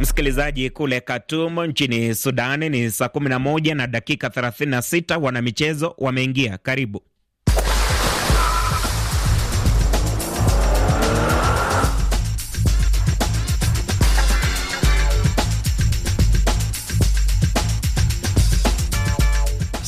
Msikilizaji, kule Khartoum nchini Sudani ni saa 11 na dakika 36. Wanamichezo wameingia karibu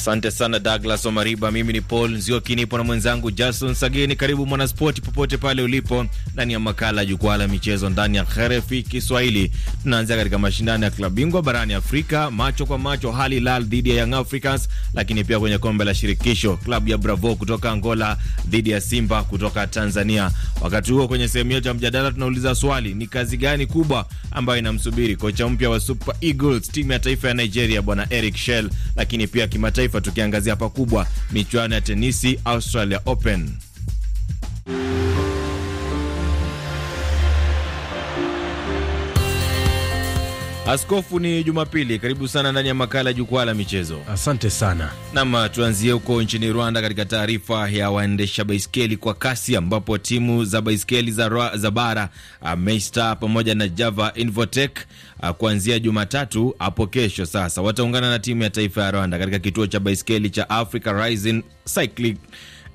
Asante sana Douglas Omariba. Mimi ni Paul Nzioki, nipo na mwenzangu Jason Sageni. Karibu mwanaspoti popote pale ulipo, ndani ya makala ya jukwaa la michezo ndani ya RFI Kiswahili. Tunaanzia katika mashindano ya klabu bingwa barani Afrika, macho kwa macho, Al Hilal dhidi ya Young Africans, lakini pia kwenye kombe la shirikisho, klabu ya Bravo kutoka Angola dhidi ya Simba kutoka Tanzania. Wakati huo, kwenye sehemu yetu ya mjadala tunauliza swali, ni kazi gani kubwa ambayo inamsubiri kocha mpya wa Super Eagles, timu ya taifa ya Nigeria, bwana Eric Shell, lakini pia kimataifa kimataifa, tukiangazia pakubwa michuano ya tenisi Australia Open. Askofu, ni Jumapili, karibu sana ndani ya makala ya jukwaa la michezo. Asante sana nam. Tuanzie huko nchini Rwanda, katika taarifa ya waendesha baiskeli kwa kasi, ambapo timu za baiskeli za, za bara uh, Meista pamoja na Java Invotec uh, kuanzia Jumatatu hapo kesho sasa wataungana na timu ya taifa ya Rwanda katika kituo cha baiskeli cha Africa Rising Cycling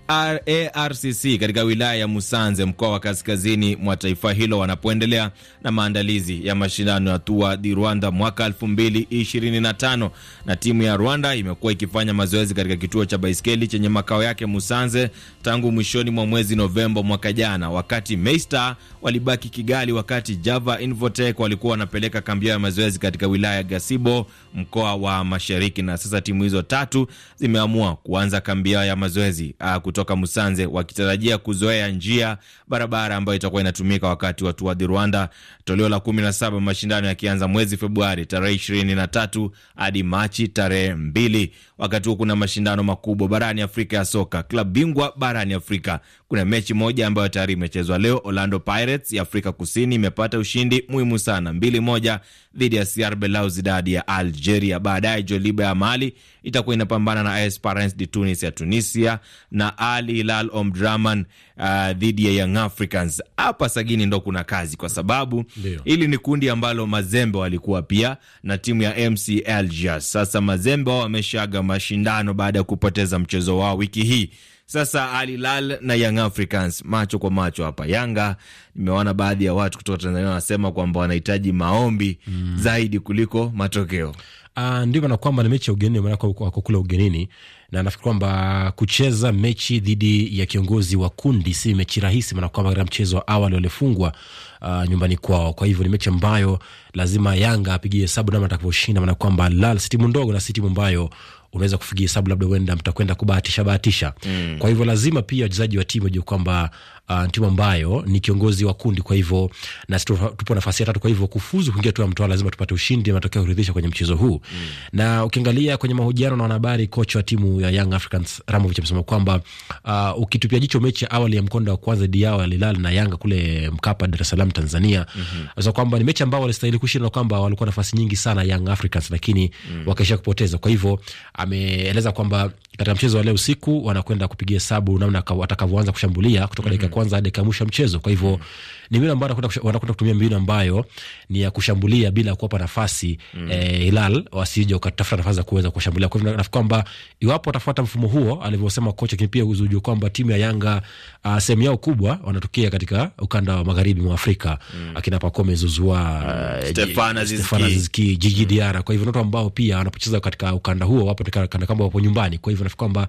ARCC katika wilaya ya Musanze, mkoa wa kaskazini mwa taifa hilo, wanapoendelea na maandalizi ya mashindano ya Tour di Rwanda mwaka 2025 na timu ya Rwanda imekuwa ikifanya mazoezi katika kituo cha baiskeli chenye makao yake Musanze tangu mwishoni mwa mwezi Novemba mwaka jana, wakati Meista walibaki Kigali, wakati Java Invotec walikuwa wanapeleka kambi ya mazoezi katika wilaya ya Gasibo, mkoa wa Mashariki. Na sasa timu hizo tatu zimeamua kuanza kambi yao ya mazoezi ah, kutoka Musanze wakitarajia kuzoea njia barabara ambayo itakuwa inatumika wakati wa Tour du Rwanda, toleo la 17, mashindano yakianza mwezi Februari tarehe 23 hadi Machi tarehe 2. Wakati huu kuna mashindano makubwa barani Afrika ya soka, klabu bingwa barani Afrika. Kuna mechi moja ambayo tayari imechezwa leo. Orlando Pirates ya Afrika Kusini imepata ushindi muhimu sana mbili moja dhidi ya CR Belouizdad ya Algeria. Baadaye Joliba ya Mali itakuwa inapambana na AS Esperance de Tunis ya Tunisia na Al Hilal Omdurman uh, dhidi ya Young Africans. Hapa sagini ndo kuna kazi, kwa sababu hili ni kundi ambalo Mazembe walikuwa pia na timu ya MC Alger. Sasa Mazembe wao wameshaga mashindano baada ya kupoteza mchezo wao wiki hii. Sasa Al Hilal na Young Africans macho kwa macho hapa. Yanga nimeona baadhi ya watu kutoka Tanzania wanasema kwamba wanahitaji maombi mm, zaidi kuliko matokeo. Uh, ndio maana kwamba ni mechi ya ugenini, maana wako kule ugenini, na nafikiri kwamba kucheza mechi dhidi ya kiongozi wa kundi si mechi rahisi, maana kwamba katika mchezo wa awali walifungwa uh, nyumbani kwao. Kwa hivyo ni mechi ambayo lazima Yanga apigie hesabu namna atakavyoshinda, maana kwamba Al Hilal si timu ndogo na si timu ambayo unaweza kufikia hesabu, labda uenda mtakwenda kubahatisha bahatisha mm. Kwa hivyo lazima pia wachezaji wa timu wajue kwamba uh, timu ambayo ni kiongozi wa kundi, kwa hivyo na tupo nafasi ya tatu, kwa hivyo kufuzu kuingia tu mtoa, lazima tupate ushindi, matokeo kuridhisha kwenye mchezo huu mm. Na ukiangalia kwenye mahojiano na wanahabari, kocha wa timu ya Young Africans Ramovich amesema kwamba uh, ukitupia jicho mechi ya awali ya mkondo wa kwanza diao ya Lilal na Yanga kule Mkapa, Dar es Salaam, Tanzania mm-hmm. So kwamba ni mechi ambayo walistahili kushinda, na kwamba walikuwa nafasi nyingi sana Young Africans, lakini mm. wakaishia kupoteza, kwa hivyo uh, ameeleza kwamba katika mchezo wa leo usiku wanakwenda kupigia hesabu namna watakavyoanza kushambulia kutoka dakika mm -hmm. kwanza hadi dakika mwisho ya mchezo. Kwa hivyo mm -hmm ni mbinu ambayo wanakwenda kutumia mbinu ambayo ni ya kushambulia bila kuwapa nafasi mm. eh, Hilal wasije wakatafuta nafasi za kuweza kushambulia. Kwa hivyo nafikiri kwamba iwapo watafuata mfumo huo alivyosema kocha, lakini pia uzujua kwamba timu ya Yanga uh, sehemu yao kubwa wanatokea katika ukanda wa magharibi mwa Afrika mm. akina Pacome Zouzoua, uh, ah, Stephane Aziz Ki, mm. Diarra. Kwa hivyo ni watu ambao pia wanapocheza katika ukanda huo wapo katika kanda kama wapo nyumbani. Kwa hivyo nafikiri kwamba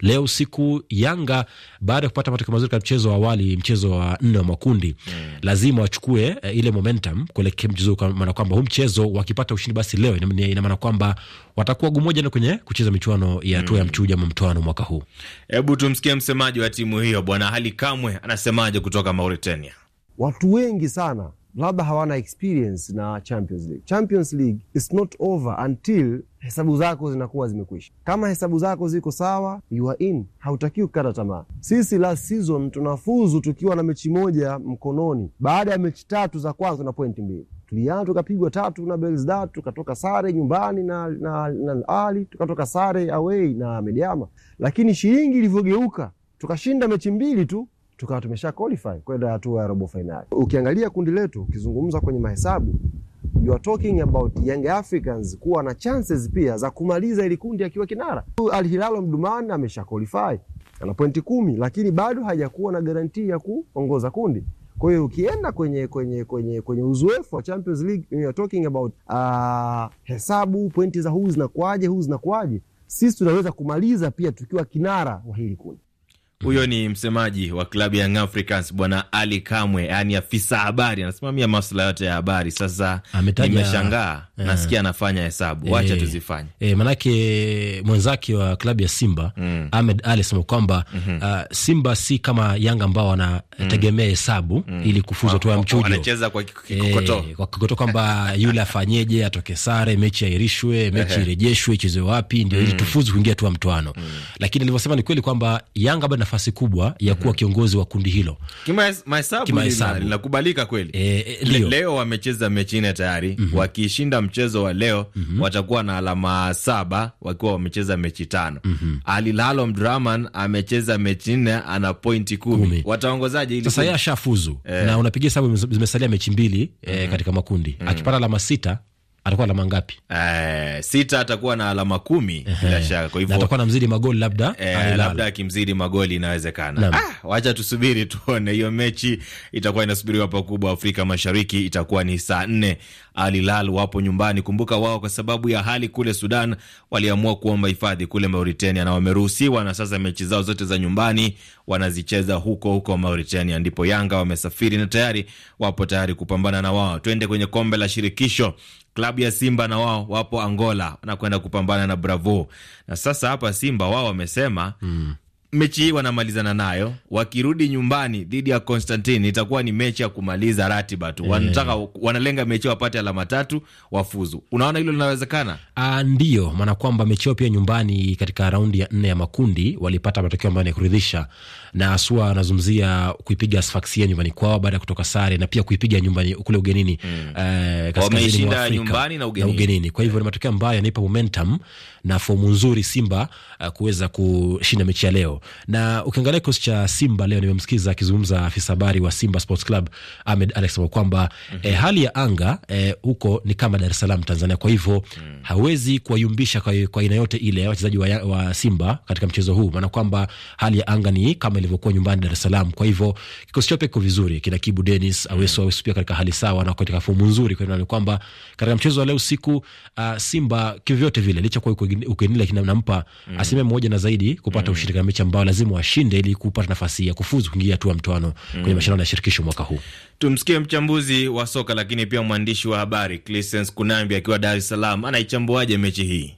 leo usiku Yanga baada ya kupata matokeo mazuri katika mchezo wa awali, mchezo wa nne wa makundi mm lazima wachukue uh, ile momentum kuelekea mchezo, kwa maana kwamba huu mchezo wakipata ushindi basi leo ina maana kwamba watakuwa gumoja na kwenye kucheza michuano ya hatua mm. ya mchuja ama mtoano mwaka huu. Hebu tumsikie msemaji wa timu hiyo Bwana hali Kamwe anasemaje kutoka Mauritania. Watu wengi sana labda hawana experience na Champions League. Champions League is not over until hesabu zako zinakuwa zimekwisha. Kama hesabu zako ziko sawa, you are in. Hautakiwi kukata tamaa. Sisi last season tunafuzu tukiwa na mechi moja mkononi, baada ya mechi tatu za kwanza na pointi mbili tulianza tukapigwa tatu na Belouizdad, tukatoka sare nyumbani na, na, na Ali, tukatoka sare away na Mediama, lakini shilingi ilivyogeuka tukashinda mechi mbili tu tukawa tumesha qualify kwenda hatua ya robo fainali. Ukiangalia kundi letu, ukizungumza kwenye mahesabu, you are talking about Young Africans kuwa na chances pia za kumaliza ili kundi akiwa kinara. Al Hilal Mdumani amesha qualify ana pointi kumi, lakini bado hajakuwa na garanti ya kuongoza kundi. Kwa hiyo ukienda kwenye kwenye kwenye kwenye uzoefu wa Champions League, you are talking about uh, hesabu pointi za huu zinakuaje, huu zinakuaje, sisi tunaweza kumaliza pia tukiwa kinara wa hili kundi. Huyo ni msemaji wa klabu ya Young Africans Bwana Ali Kamwe, yani afisa habari, anasimamia masuala yote ya habari. Sasa nimeshangaa, eh. nasikia anafanya hesabu, wacha eh. tuzifanye. E, manake mwenzake wa klabu ya Simba mm. Ahmed Ali asema kwamba mm -hmm. uh, Simba si kama Yanga ambao wanategemea mm. hesabu mm. ili kufuza tu ya mchujo, anacheza kwa kikokoto e, kwa kikokoto kwamba yule afanyeje, atoke sare, mechi airishwe, mechi irejeshwe, ichezwe wapi, ndio mm. ili tufuzu kuingia tu mtoano mm. lakini alivyosema ni kweli kwamba Yanga nafasi kubwa ya kuwa mhm. kiongozi wa kundi hilo. Kimahesabu linakubalika kweli. E, leo, leo wamecheza mechi nne tayari mm -hmm. wakishinda mchezo wa leo mm -hmm. watakuwa na alama saba wakiwa wamecheza mechi tano mm -hmm. Alilal amecheza mechi nne ana pointi kumi. Wataongozaje? Sasa yeye ashafuzu e. na unapiga hesabu zimesalia mechi mbili mm -hmm. e, katika makundi mm -hmm. akipata alama sita atakuwa alama ngapi? Uh, sita atakuwa na alama kumi bila shaka, kwa hivyo atakuwa mzidi magoli labda, uh, labda akimzidi magoli inawezekana. Ah, wacha tusubiri tuone, hiyo mechi itakuwa inasubiriwa pakubwa. Afrika Mashariki itakuwa ni saa nne. Al Hilal wapo nyumbani. Kumbuka wao kwa sababu ya hali kule Sudan waliamua kuomba hifadhi kule Mauritania na wameruhusiwa, na sasa mechi zao zote za nyumbani wanazicheza huko huko Mauritania, ndipo Yanga wamesafiri na tayari wapo tayari kupambana na wao. Twende kwenye kombe la shirikisho Klabu ya Simba na wao wapo Angola, wanakwenda kupambana na Bravo. Na sasa hapa Simba wao wamesema mm mechi hii wanamalizana nayo, wakirudi nyumbani dhidi ya Constantine itakuwa ni mechi ya kumaliza ratiba tu. Eh. Wanataka wanalenga mechi wapate alama tatu wafuzu. Unaona hilo linawezekana? Ah, ndio maana kwamba mechi yao pia nyumbani katika raundi ya nne ya makundi walipata matokeo ambayo ni kuridhisha, na asua anazungumzia kuipiga Sfaxia nyumbani kwao baada ya kutoka sare na pia kuipiga nyumbani kule ugenini. Mm. Eh, wameshinda nyumbani na ugenini. Na ugenini. Kwa hivyo ni matokeo ambayo yanaipa momentum na fomu nzuri Simba uh, kuweza kushinda mechi ya leo. Na ukiangalia kikosi cha Simba leo, nimemsikiza akizungumza afisa habari wa Simba Sports Club Ahmed Alex kwamba mm -hmm. eh, hali ya anga eh, huko ni kama Dar es Salaam Tanzania, kwa hivyo mm -hmm. hawezi kuwayumbisha kwa kwa aina yote ile wachezaji wa, wa Simba katika mchezo huu, maana kwamba hali ya anga ni kama ilivyokuwa nyumbani Dar es Salaam. Kwa hivyo kikosi chao kiko vizuri, kina Kibu Denis mm. Awesu Awesu pia katika hali sawa na katika fomu nzuri, kwa hivyo ni kwamba katika mchezo wa leo usiku uh, Simba kivyote vile licha kwa ukinile kinampa mm asilimia moja na zaidi kupata mm -hmm. ushirika mechi ambao lazima washinde ili kupata nafasi ya kufuzu kuingia hatua mtoano mm. kwenye mashindano ya shirikisho mwaka huu. Tumsikie mchambuzi wa soka lakini pia mwandishi wa habari Clisens Kunambi akiwa Dar es Salaam, anaichambuaje mechi hii?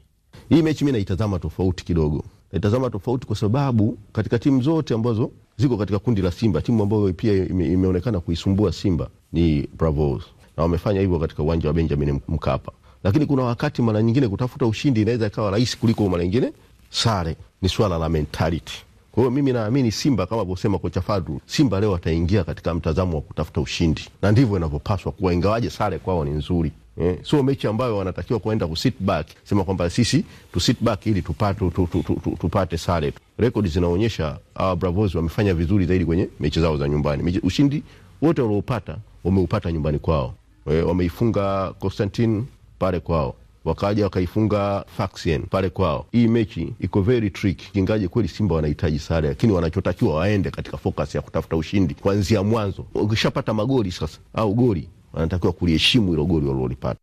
Hii mechi mi naitazama tofauti kidogo, naitazama tofauti kwa sababu katika timu zote ambazo ziko katika kundi la Simba, timu ambayo pia ime, imeonekana kuisumbua Simba ni Bravos na wamefanya hivyo katika uwanja wa Benjamin Mkapa, lakini kuna wakati mara nyingine kutafuta ushindi inaweza ikawa rahisi kuliko mara nyingine sare ni swala la mentality. Kwa hiyo mimi naamini Simba kama alivyosema kocha Fadru, Simba leo wataingia katika mtazamo wa kutafuta ushindi, na ndivyo inavyopaswa kuwa, ingawaje sare kwao ni nzuri eh, sio mechi ambayo wanatakiwa kuenda ku sit back, sema kwamba sisi tu sit back ili tupate, tu, tu, tu, tu, tupate sare. Rekodi zinaonyesha hawa Bravos wamefanya vizuri zaidi kwenye mechi zao za nyumbani. Ushindi wote waliopata wameupata nyumbani kwao, eh, wameifunga Constantine pale kwao wakaja wakaifunga Faksien pale kwao. Hii mechi iko very tricky, ingaje kweli Simba wanahitaji sare, lakini wanachotakiwa waende katika focus ya kutafuta ushindi kuanzia mwanzo. Ukishapata magoli sasa au goli, wanatakiwa kuliheshimu hilo goli walilolipata.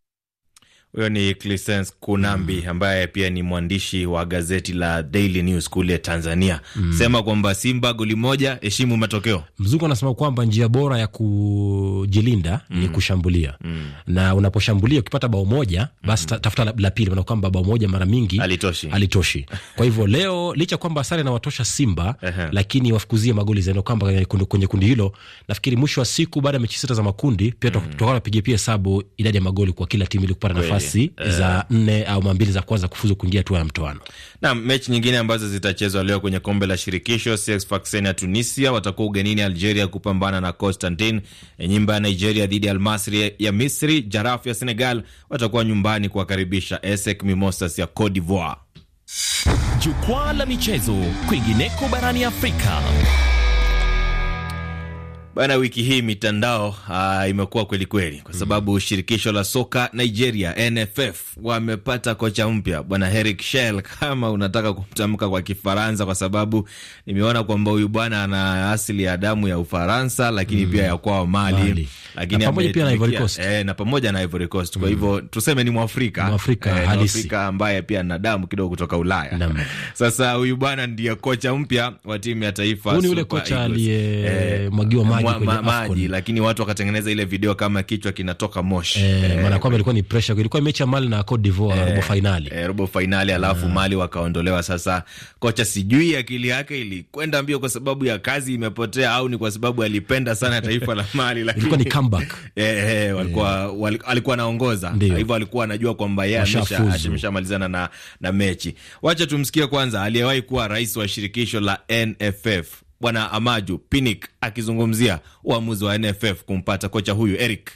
Huyo ni Clisens Kunambi mm. ambaye pia ni mwandishi wa gazeti la Daily News kule Tanzania. Mm. Sema kwamba Simba goli moja, heshimu matokeo. Mzungu anasema kwamba njia bora ya kujilinda mm. ni kushambulia. Mm. Na unaposhambulia ukipata bao moja, basi mm. tafuta la la pili, maana kwamba bao moja mara mingi alitoshi. Alitoshi. Kwa hivyo leo licha kwamba sare na watosha Simba lakini wafukuzie magoli zaidi kwamba kwenye kundi hilo nafikiri mwisho wa siku baada ya mechi sita za makundi pia mm. tutakuwa tunapigia pia hesabu idadi ya magoli kwa kila timu ili kupata nafasi nafasi uh, za eh. nne au mambili za kwanza kufuzu kuingia hatua ya mtoano. Na mechi nyingine ambazo zitachezwa leo kwenye kombe la shirikisho, CX Sfaxien ya Tunisia watakuwa ugenini Algeria kupambana na constantin e, Nyimba ya Nigeria dhidi ya Almasri ya Misri. Jaraf ya Senegal watakuwa nyumbani kuwakaribisha ESEC Mimosas ya Cote d'Ivoire. Jukwaa la michezo kwingineko barani Afrika. Bana, wiki hii mitandao uh, imekuwa kweli kweli kwa mhm. sababu mm. shirikisho la soka Nigeria NFF wamepata kocha mpya bwana Eric Shell, kama unataka kumtamka kwa Kifaransa, kwa sababu nimeona kwamba huyu bwana ana asili ya damu ya Ufaransa, lakini mm. pia ya kwao Mali, Mali. Lakini na pamoja pia na Ivory Coast eh, na pamoja na Ivory Coast mm. kwa hivyo tuseme ni Mwafrika Mwafrika eh, halisi ambaye pia ana damu kidogo kutoka Ulaya Nam. Sasa huyu bwana ndiye kocha mpya wa timu ya taifa, huyu ni yule kocha aliyemwagiwa eh, maji ma, ma, maji, lakini watu wakatengeneza ile video kama kichwa kinatoka moshi e, e, maana kwamba ilikuwa ni pressure. Ilikuwa mechi ya Mali na Cote d'Ivoire, eh, robo finali e, robo finali, alafu e, Mali wakaondolewa. Sasa kocha, sijui akili yake ilikwenda mbio kwa sababu ya kazi imepotea au ni kwa sababu alipenda sana taifa la Mali, lakini ilikuwa ni comeback e, e, walikuwa e, alikuwa anaongoza hivyo, alikuwa anajua kwamba yeye ameshamalizana na, na mechi. Wacha tumsikie kwanza aliyewahi kuwa rais wa shirikisho la NFF Bwana Amaju Pinnick akizungumzia uamuzi wa NFF kumpata kocha huyu Eric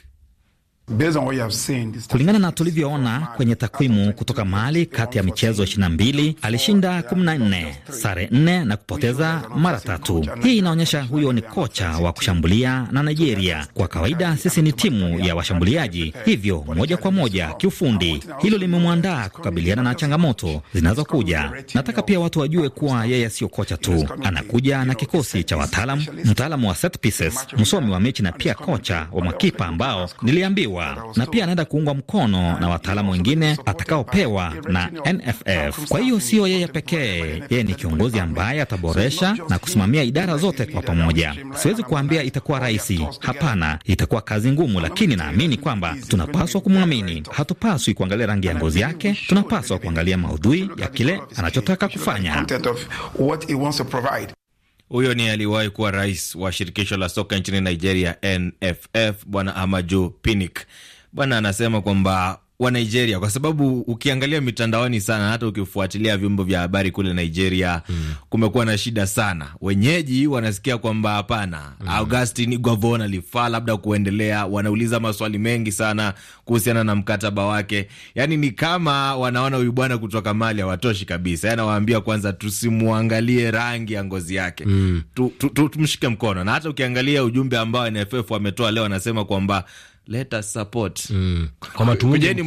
Kulingana na tulivyoona kwenye takwimu kutoka Mali, kati ya michezo 22 alishinda 14, sare 4 na kupoteza mara tatu. Hii inaonyesha huyo ni kocha wa kushambulia na Nigeria. Kwa kawaida sisi ni timu ya washambuliaji, hivyo moja kwa moja kiufundi hilo limemwandaa kukabiliana na changamoto zinazokuja. Nataka pia watu wajue kuwa yeye sio kocha tu, anakuja na kikosi cha wataalam, mtaalamu wa set pieces, msomi wa mechi na pia kocha wa makipa ambao niliambiwa atakayopewa, na pia anaenda kuungwa mkono na wataalamu wengine atakaopewa na NFF. Kwa hiyo siyo yeye pekee, yeye ni kiongozi ambaye ataboresha na kusimamia idara zote kwa pamoja. Siwezi kuambia itakuwa rahisi, hapana, itakuwa kazi ngumu, lakini naamini kwamba tunapaswa kumwamini. Hatupaswi kuangalia rangi ya ngozi yake, tunapaswa kuangalia maudhui ya kile anachotaka kufanya. Huyo ni aliwahi kuwa rais wa shirikisho la soka nchini Nigeria, NFF, Bwana Amaju Pinnick. Bwana anasema kwamba wa Nigeria, kwa sababu ukiangalia mitandaoni sana, hata ukifuatilia vyombo vya habari kule Nigeria mm. kumekuwa na shida sana. Wenyeji wanasikia kwamba hapana mm. Augustin Gavon alifaa labda kuendelea, wanauliza maswali mengi sana kuhusiana na mkataba wake. Yani ni kama wanaona huyu bwana kutoka Mali hawatoshi kabisa, yani kwanza tusimwangalie rangi ya ngozi yake mm. tu, tu, tu, tumshike mkono, na hata ukiangalia ujumbe ambao NFF wametoa leo, anasema kwamba let support mm.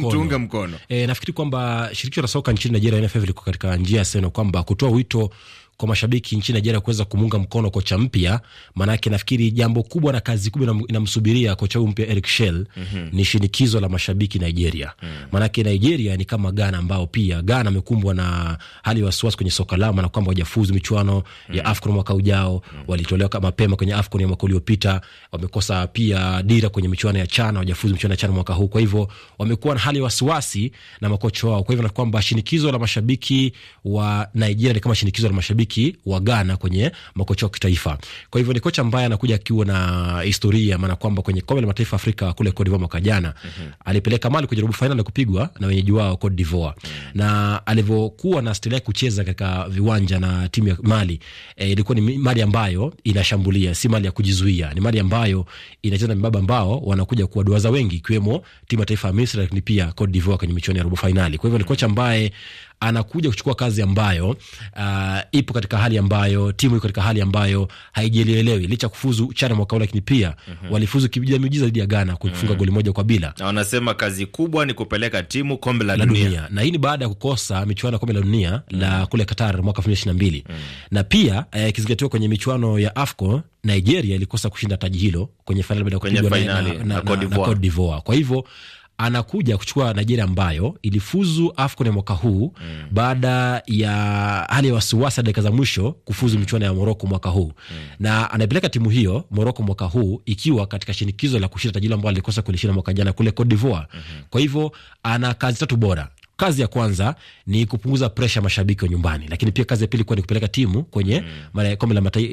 mkono e, nafikiri kwamba shirikisho la soka nchini Nigeria NFF liko katika njia seno kwamba kutoa wito kwa mashabiki nchini Nigeria kuweza kumuunga mkono kocha mpya, maanake nafikiri jambo kubwa na kazi kubwa inamsubiria kocha huyu mpya Eric Shell mm -hmm. ni shinikizo la mashabiki Nigeria mm -hmm. maanake Nigeria ni kama Ghana, ambao pia Ghana amekumbwa na hali ya wasiwasi kwenye soka lao, maana kwamba wajafuzu michuano mm -hmm. ya AFCON mwaka ujao mm -hmm. walitolewa mapema kwenye AFCON ya mwaka uliopita, wamekosa pia dira kwenye michuano ya chana, wajafuzu michuano ya chana mwaka huu, kwa hivyo wamekuwa na hali ya wasiwasi na makocha wao, kwa hivyo na kwamba shinikizo la mashabiki wa Nigeria ni kama shinikizo la mashabiki mashabiki wa Ghana kwenye makocha wa kitaifa. Kwa hivyo ni kocha ambaye anakuja akiwa na historia, maana kwamba kwenye kombe la mataifa Afrika kule Cote d'Ivoire mwaka jana mm -hmm. alipeleka Mali kwenye robo fainali kupigwa na wenyeji wao Cote d'Ivoire mm -hmm. na alivyokuwa na stili kucheza katika viwanja na timu ya Mali e, ilikuwa ni Mali ambayo inashambulia, si Mali ya kujizuia, ni Mali ambayo inacheza na mibaba ambao wanakuja kuwaduaza wengi, ikiwemo timu ya taifa ya Misri, lakini pia Cote d'Ivoire kwenye michuano ya robo fainali. Kwa hivyo ni kocha ambaye anakuja kuchukua kazi ambayo uh, ipo katika hali ambayo timu iko katika hali ambayo haijielelewi licha kufuzu chana mwaka huu, lakini pia mm -hmm. walifuzu kibija miujiza dhidi ya Ghana kufunga mm -hmm. goli moja kwa bila, na wanasema kazi kubwa ni kupeleka timu kombe la, la dunia. dunia na hii ni baada ya kukosa michuano ya kombe la dunia mm -hmm. la kule Qatar mwaka 2022 mm -hmm. na pia eh, ikizingatiwa kwenye michuano ya AFCON Nigeria ilikosa kushinda taji hilo kwenye fainali baada ya kupigwa na Cote d'Ivoire, kwa hivyo anakuja kuchukua Nigeria ambayo ilifuzu AFCON ya mwaka huu mm. baada ya hali ya wasiwasi dakika za mwisho kufuzu michuano ya Moroko mwaka huu mm. na anaipeleka timu hiyo Moroko mwaka huu ikiwa katika shinikizo la kushinda tajiri ambayo alikosa kulishinda mwaka jana kule Cote d'Ivoire mm -hmm. kwa hivyo ana kazi tatu bora Kazi ya kwanza ni kupunguza presha mashabiki wa nyumbani, lakini pia kazi ya pili kuwa ni kupeleka timu kwenye mm. la,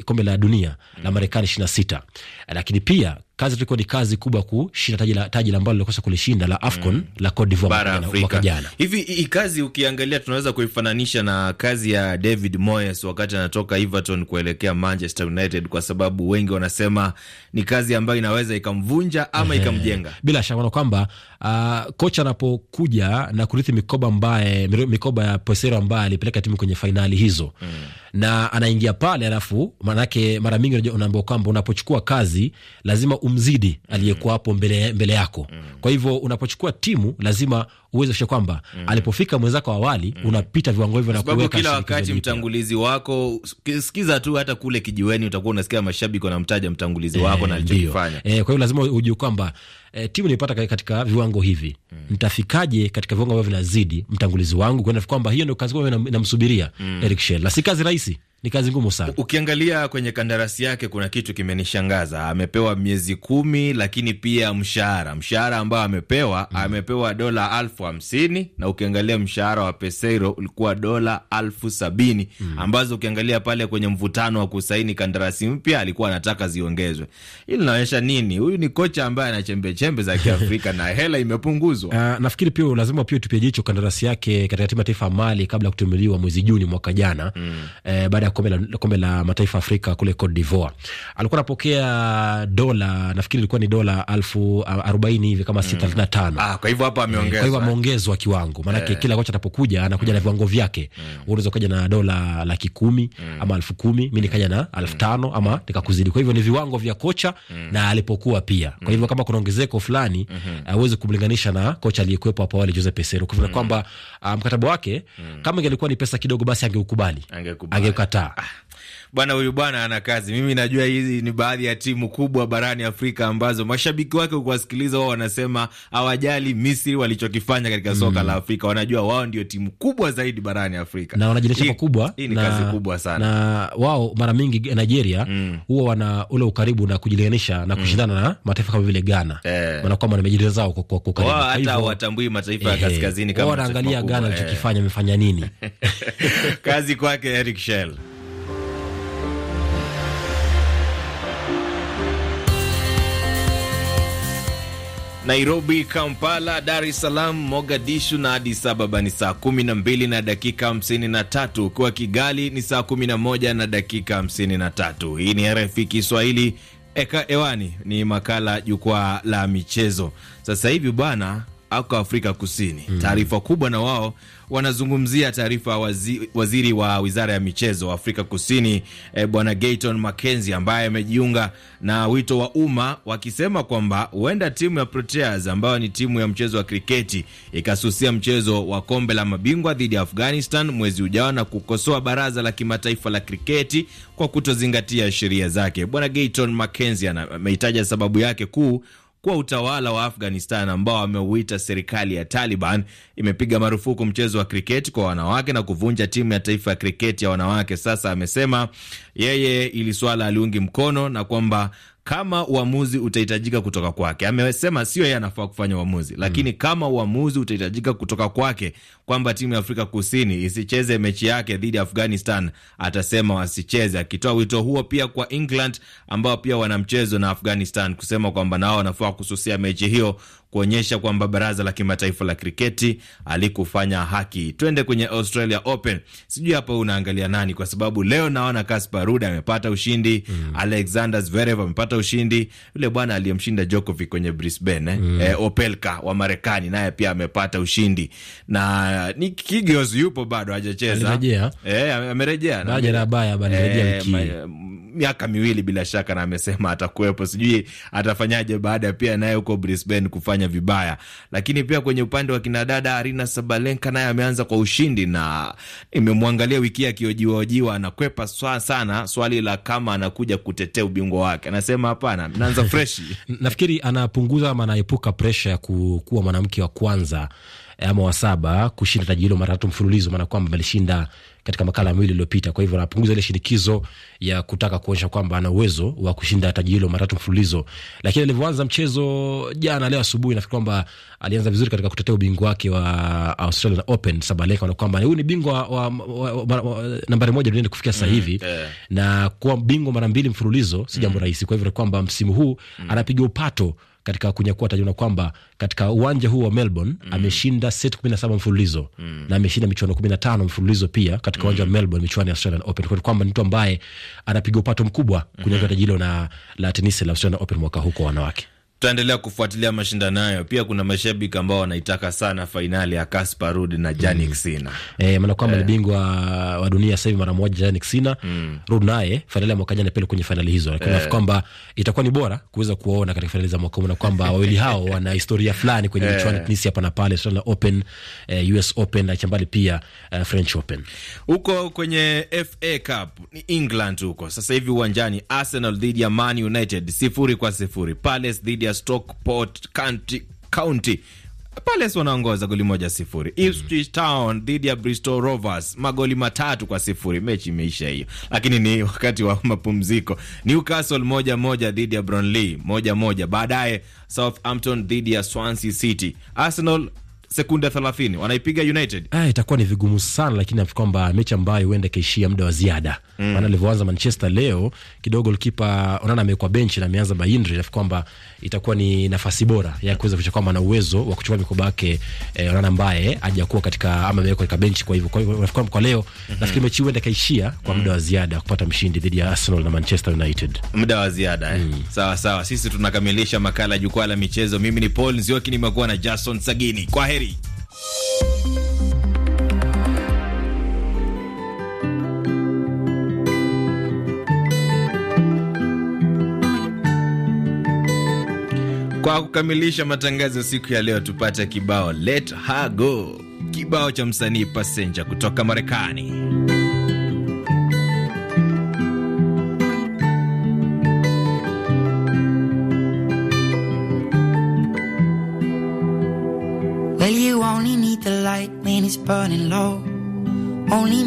kombe la dunia mm. la Marekani ishirini na sita, lakini pia kazi tulikuwa ni kazi kubwa kushinda taji la taji ambalo lilikosa kulishinda la Afcon mm, la Cote d'Ivoire mwaka jana. Hivi hii kazi ukiangalia, tunaweza kuifananisha na kazi ya David Moyes wakati anatoka Everton kuelekea Manchester United, kwa sababu wengi wanasema ni kazi ambayo inaweza ikamvunja ama ikamjenga. Bila shaka na kwamba uh, kocha anapokuja na kurithi mikoba mbaye mikoba ya Posero ambaye alipeleka timu kwenye fainali hizo mm, na anaingia pale, alafu manake mara mingi unaambiwa kwamba unapochukua kazi lazima umzidi mm. aliyekuwa hapo mbele, mbele yako. Mm. Kwa hivyo unapochukua timu lazima uwezeshe kwamba mm. alipofika mwenzako awali mm. unapita viwango hivyo na kuweka kila wakati mtangulizi wako. Sikiza tu hata kule kijiweni utakuwa unasikia mashabiki wanamtaja mtangulizi wako e, na alichofanya e, eh, kwa hiyo lazima ujue kwamba e, timu nilipata katika viwango hivi mm. ntafikaje katika viwango ambavyo vinazidi mtangulizi wangu kwenda kwamba hiyo ndio kazi ambayo namsubiria mm. Eric Shell, na si kazi rahisi ni kazi ngumu sana. Ukiangalia kwenye kandarasi yake kuna kitu kimenishangaza, amepewa miezi kumi, lakini pia mshahara mshahara ambao amepewa mm, amepewa dola alfu hamsini na ukiangalia mshahara wa Peseiro ulikuwa dola alfu sabini mm, ambazo ukiangalia pale kwenye mvutano wa kusaini kandarasi mpya alikuwa anataka ziongezwe. Hili linaonyesha nini? Huyu ni kocha ambaye ana chembechembe za Kiafrika na hela imepunguzwa. Uh, nafikiri pia lazima pia tupia jicho kandarasi yake katika timu ya taifa ya Mali kabla ya kutumiliwa mwezi Juni mwaka jana mm, eh, baada ya kombe la, kombe la mataifa Afrika kule Cote d'Ivoire. Alikuwa anapokea dola, nafikiri ilikuwa ni dola elfu arobaini hivi kama si thelathini na tano. Mm. Ah, kwa hivyo hapa eh, ameongezwa. Kwa hivyo ameongezwa kiwango. maanake yake eh. kila kocha anapokuja anakuja na mm. viwango vyake. Mm. Unaweza ukaja na dola laki kumi ama elfu kumi, mi nikaja na elfu tano ama nikakuzidi. Kwa hivyo ni viwango vya kocha na alipokuwa pia. Kwa hivyo kama kuna ongezeko fulani, -hmm. hauwezi kumlinganisha na kocha aliyekuwepo hapo awali Jose Peseiro. Kwa hivyo kwamba ah, mkataba wake kama ingelikuwa ni pesa kidogo basi angeukubali. Angekataa bwana huyu bwana ana kazi. Mimi najua hizi ni baadhi ya timu kubwa barani Afrika ambazo mashabiki wake ukiwasikiliza wao wanasema hawajali Misri walichokifanya katika soka mm. la Afrika, wanajua wao ndio timu kubwa zaidi barani Afrika na wanajirisha pakubwa. Hii ni kazi kubwa sana, na wao mara mingi Nigeria mm. huwa mm. wana ule ukaribu na kujilinganisha na mm. kushindana mm. na mataifa kama vile Ghana eh. wanakwama nimejilia zao kwa kwa karibu, hata watambui mataifa ya kaskazini kama wanaangalia Ghana alichokifanya eh. amefanya nini. Kazi kwake Eric Shell. Nairobi, Kampala, Dar es Salaam, Mogadishu na Addis Ababa ni saa 12 na dakika 53, ukiwa Kigali ni saa 11 na dakika 53. Hii ni RFI Kiswahili eka ewani, ni makala jukwaa la michezo. Sasa hivi bwana ako Afrika Kusini mm. Taarifa kubwa na wao wanazungumzia taarifa ya wazi, waziri wa wizara ya michezo wa Afrika Kusini e, bwana Gayton Mackenzie ambaye amejiunga na wito wa umma wakisema kwamba huenda timu ya Proteas ambayo ni timu ya mchezo wa kriketi ikasusia mchezo wa kombe la mabingwa dhidi ya Afghanistan mwezi ujao na kukosoa baraza la kimataifa la kriketi kwa kutozingatia sheria zake. Bwana Gayton Mackenzie amehitaja sababu yake kuu kuwa utawala wa Afghanistan ambao ameuita serikali ya Taliban imepiga marufuku mchezo wa kriketi kwa wanawake na kuvunja timu ya taifa ya kriketi ya wanawake. Sasa amesema yeye ili swala aliungi mkono na kwamba kama uamuzi utahitajika kutoka kwake. Amesema sio yeye anafaa kufanya uamuzi, lakini mm, kama uamuzi utahitajika kutoka kwake kwamba timu ya Afrika Kusini isicheze mechi yake dhidi ya Afghanistan, atasema wasicheze, akitoa wito huo pia kwa England ambao pia wana mchezo na Afghanistan kusema kwamba nao wanafaa kususia mechi hiyo kuonyesha kwamba baraza la kimataifa la kriketi alikufanya haki. Twende kwenye Australia Open, sijui hapa unaangalia nani, kwa sababu leo naona Kaspar Ruud amepata ushindi mm. Alexander Zverev amepata ushindi, yule bwana aliyemshinda Djokovic kwenye Brisbane eh? Mm. Eh, Opelka wa Marekani naye pia amepata ushindi na ni Kyrgios yupo bado hajacheza amerejea eh, eh, miaka miwili bila shaka, na amesema atakuwepo, sijui atafanyaje baada ya pia naye huko Brisbane kufanya kufanya vibaya. Lakini pia kwenye upande wa kinadada, Arina Sabalenka naye ameanza kwa ushindi na imemwangalia wiki akiojiwaojiwa, anakwepa swa sana swali la kama anakuja kutetea ubingwa wake. Anasema hapana, naanza freshi. Nafikiri anapunguza ama anaepuka presha ya kuwa mwanamke wa kwanza Eh, ama wa saba kushinda taji hilo mara tatu mfululizo, maana kwamba alishinda katika makala mawili iliyopita. Kwa hivyo anapunguza ile shinikizo ya kutaka kuonyesha kwamba ana uwezo wa kushinda taji hilo mara tatu mfululizo. Lakini alivyoanza mchezo jana, leo asubuhi, nafikiri kwamba alianza vizuri katika kutetea ubingwa wake wa Australian Open. Sabaleka na kwamba huyu ni bingwa wa, wa, wa, wa, nambari moja duniani kufikia sasa mm, hivi mm, yeah. na kuwa bingwa mara mbili mfululizo si jambo mm. rahisi. Kwa hivyo kwamba msimu huu mm. anapiga upato katika kunyakua taji, na kwamba katika uwanja huu wa Melbourne mm. ameshinda set kumi na saba mfululizo mm. na ameshinda michuano kumi na tano mfululizo pia katika uwanja wa mm. Melbourne, michuano ya Australian Open, kwa kwamba ni mtu ambaye anapiga upato mkubwa kunyakua mm-hmm. taji hilo na la tenisi la Australian Open mwaka huko kwa wanawake tutaendelea kufuatilia mashindano hayo. Pia kuna mashabiki ambao wanaitaka sana fainali ya Kaspar Ruud na Jannik mm. Sinner eh, maana kwamba eh, ni bingwa wa dunia sasa hivi mara moja Janik Sina mm. Rud naye fainali ya mwaka jana pele kwenye fainali hizo, lakini e, kwamba itakuwa ni bora kuweza kuwaona katika fainali za mwaka huu, na kwamba wawili hao wana historia fulani kwenye eh. michuano eh, hapa na pale, Australian Open eh, US Open na chambali pia uh, French Open. Huko kwenye FA Cup ni England huko sasa hivi uwanjani, Arsenal dhidi ya Man United sifuri kwa sifuri, Palace dhidi ya Stockport County, County. Palace wanaongoza goli moja sifuri. Ipswich mhm. Town dhidi ya Bristol Rovers magoli matatu kwa sifuri. Mechi imeisha hiyo, lakini ni wakati wa mapumziko. Newcastle moja moja dhidi ya Burnley moja moja. Baadaye Southampton dhidi ya Swansea City. Arsenal sekunde thelathini wanaipiga United. Ay, ah, itakuwa ni vigumu sana, lakini nafikiri kwamba mechi ambayo huenda ikaishia muda wa ziada mm. maana alivyoanza Manchester leo kidogo kipa Onana amekuwa benchi na ameanza Bayindre, nafikiri kwamba itakuwa ni nafasi bora ya kuweza kuchukua, na uwezo wa kuchukua mikoba yake eh, Onana ambaye hajakuwa katika ama amewekwa katika benchi, kwa hivyo kwa hivyo nafikiri kwamba kwa leo mm -hmm. nafikiri mechi huenda ikaishia kwa mm. muda wa ziada kupata mshindi dhidi ya Arsenal na Manchester United, muda wa ziada eh. mm. sawa sawa, sisi tunakamilisha makala jukwaa la michezo. Mimi ni Paul Nzioki, nimekuwa na Jason Sagini, kwa heri habari. Kwa kukamilisha matangazo siku ya leo, tupate kibao Let Her Go, kibao cha msanii Passenger kutoka Marekani.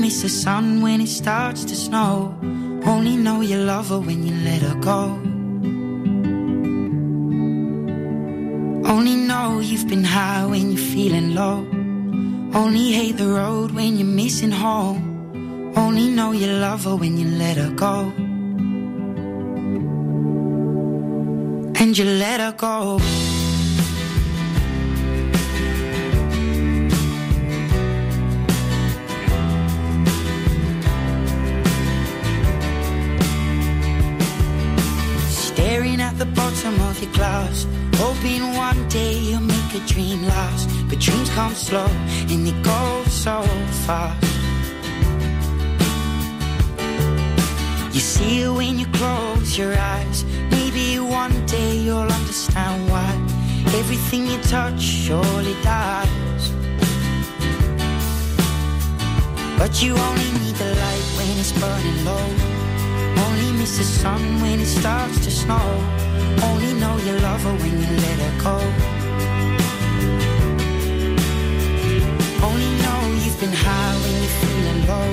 miss the sun when it starts to snow. Only know you love her when you let her go. Only know you've been high when you're feeling low. Only hate the road when you're missing home. Only know you love her when you let her go. And you let her go. Some of your glass. Hoping one day you'll make a dream last. But dreams come slow and they go so fast. You see it when you close your eyes. Maybe one day you'll understand why everything you touch surely dies. But you only need the light when it's burning low. Only miss the sun when it starts to snow. Only know you love her when you let her go. Only know you've been high when you're feeling low.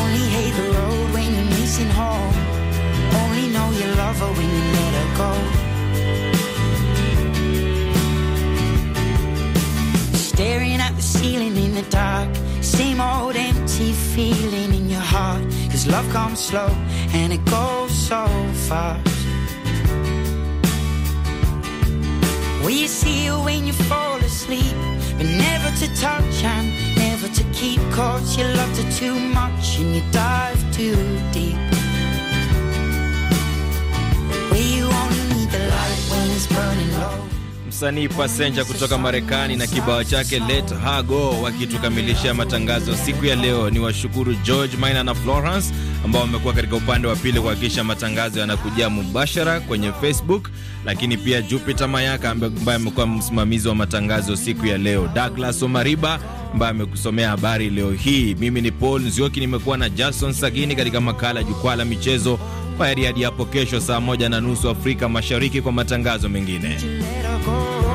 Only hate the road when you're missing home. Only know you love her when you let her go. Staring at the ceiling in the dark. Same old empty feeling in your heart. Cause love comes slow and it goes so far. We see you when you fall asleep, but never to touch and never to keep. Cause you loved her too much and you dive too deep. msanii Pasenja kutoka Marekani na kibao chake Let Her Go. Wakitukamilishia matangazo siku ya leo, ni washukuru George Maina na Florence ambao wamekuwa katika upande wa pili kuhakikisha matangazo yanakujia mubashara kwenye Facebook, lakini pia Jupiter Mayaka ambaye amekuwa msimamizi wa matangazo siku ya leo, Douglas Omariba ambaye amekusomea habari leo hii. Mimi ni Paul Nzioki, nimekuwa na Jason Sagini katika makala ya Jukwaa la Michezo. Kwaheri hadi hapo kesho saa moja na nusu Afrika Mashariki kwa matangazo mengine.